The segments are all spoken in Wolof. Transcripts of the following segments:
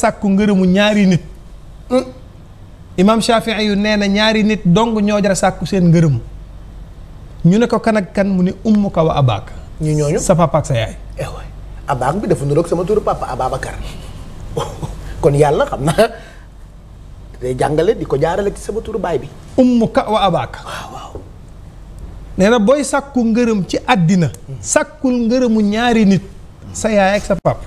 sàkku ngërëmu ñaari nit imaam Shafii yu nee na ñaari nit dong ñoo jar sàkku seen ngërëm ñu ne ko kan kan mu ne ummuka wa abaaka sa papa ak eh abaak bi sama turu papa yàlla xam na jàngale di ko jaarale sama turu bi ummuka wa booy sàkku ngërëm ci àddina sàkkul ngërëmu ñaari nit sa yaay ak sa papa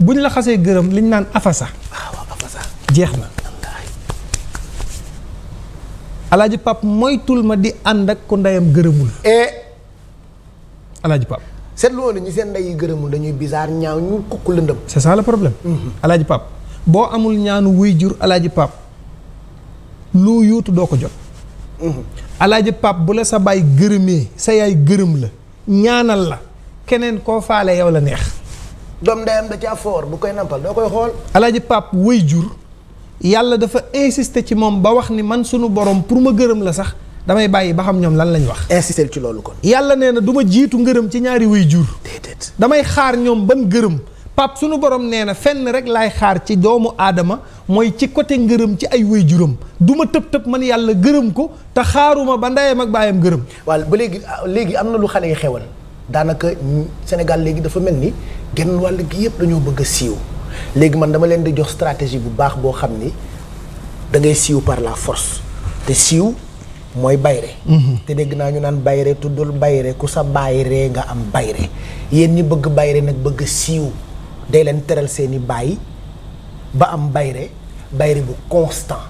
bu la xasee gërëm liñ naan afasa ah, jeex na alaaji pap moytul ma di ànd ak ku ndeyam gërëmul eh alaaji pap seet loolu ñi seen ndey yi gërëmul dañuy bizarre ñaaw ñu kukk lëndëm c'est ça le problème mhm. alaaji pap boo amul ñaanu wuy jur alaaji pap lu yuutu doo ko jot mhm. alaaji pap bu la sa baay gërëmee sa yaay gërëm la ñaanal la keneen koo faale yow la neex doom ndeyam da caa foor bu koy nampal doo koy xool. alaaji Pape way jur yàlla dafa insister ci moom ba wax ni man sunu borom pour ma gërëm la sax damay bàyyi ba xam ñoom lan lañ wax. insister ci loolu kon. yàlla nee na duma jiitu ngërëm ci ñaari way jur. damay xaar ñoom ban gërëm. Pape sunu borom nee na fenn rek laay xaar ci doomu aadama mooy ci côté ngërëm ci ay way juram du ma tëb tëb man yàlla gërëm ko te xaaruma ba ndeyam ak baayam gërëm. waaw ba léegi léegi am na lu xale yi xewal. daanaka Sénégal léegi dafa mel ni genn wàll gi yëpp dañoo bëgg a siiw léegi man dama leen di jox stratégie bu baax boo xam ni da ngay siiw par la force te siiw mooy bayre mhm. te dégg naa ñu naan bayre tuddul bayre ku sa bayre nga am bayre yéen ñi bëgg bayre nag bëgg siiw day leen teral seeni baay ba am bayre bayre bu constant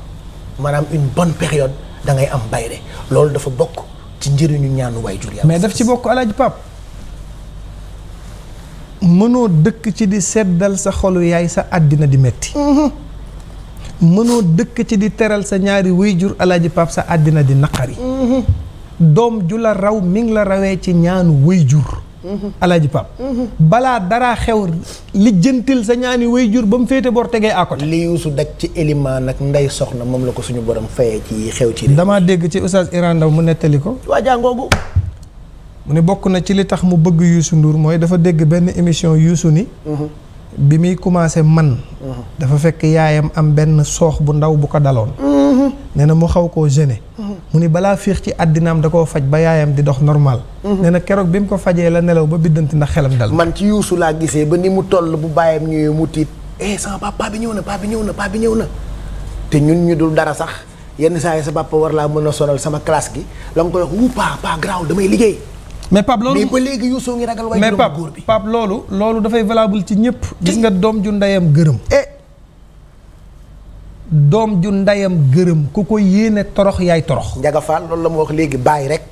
maanaam une bonne période da ngay am bayre loolu dafa bokk ci njëriñu ñaanu waay jur mais daf ci bokk alaaji Pape mënoo dëkk ci di seddal sa xolu yaay sa àddina di metti mhm. mënoo dëkk ci di teral sa ñaari jur alaaji pap sa àddina di naqari mhm. doom ju la raw mi ngi la rawee ci ñaanu wayjur mhm. alaaji pap balaa dara xew lijjantil sa ñaani jur ba mu féete boor tegee à côté li yuusu daj ci élément nag ndey soxna moom la ko suñu borom fayee ci xew ci damaa dégg ci oustaz Iran Ndaw mu nettali ko mu ne bokk na ci li tax mu bëgg Youssou Ndour mooy dafa dégg benn émission Youssou ni mhm. bi muy commencé man mhm. dafa fekk yaayam am benn soox bu ndaw bu ko daloon mhm. nee na mu xaw koo gêné mu ne balaa fiix ci àddinaam da koo faj ba yaayam di dox normal nee na keroog bi mu ko fajee la nelaw ba biddanti ndax xelam dal man ci Youssou laa gisee ba ni mu toll bu bàyyam ñëwee mu tiit eh sama papa bi ñëw na papa bi ñëw na papa bi ñëw na te ñun ñu dul dara sax yenn saa yi sa papa war laa mën a sonal sama classe gi la nga koy liggéey mais Pape loolu mais ba léegi Youssou ngi ragal. waaye góor bi loolu. loolu dafay valable ci ñëpp. gis nga doom ju ndeyam gërëm. Eh. doom ju ndeyam gërëm ku ko yéene torox yaay torox. Ndiaga Fall loolu la mu wax léegi bàyyi rek.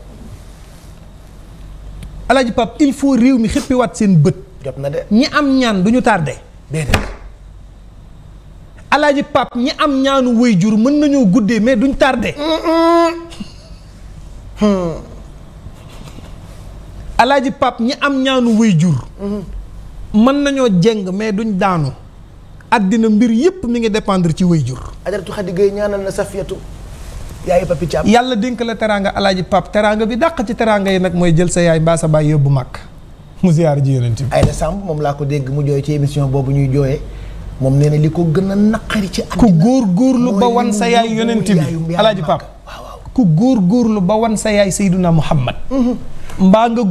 Alaaji Pape il faut réew mi xëppiwaat seen bët. jot na ñi am ñaan du ñu tardé. déedéet. Alaaji Pape ñi am ñaanu wayjur mën nañoo guddee mais duñ tardé. alaaji pap ñi am ñaanu way jur mën nañoo jeng mais duñ daanu àddina mbir yépp mu ngi dépendre ci way jur ajaratu xadi gay ñaanal na safiyatu yaay papi caam yàlla dénk la teraanga alaaji pap teraanga bi dàq ci teraanga yi nag mooy jël sa yaay mbaa sa baay yóbbu màkk mu ziyaar ji yonent bi Aïda Samb moom laa ko dégg mu jooy ci émission boobu ñuy jooye moom nee na li ko gën a naqari ci àddina ku góor góorlu ba wan sa yaay yonent bi alaaji pap ku góor góorlu ba wan sa yaay sayduna muhammad mhm. mbaa nga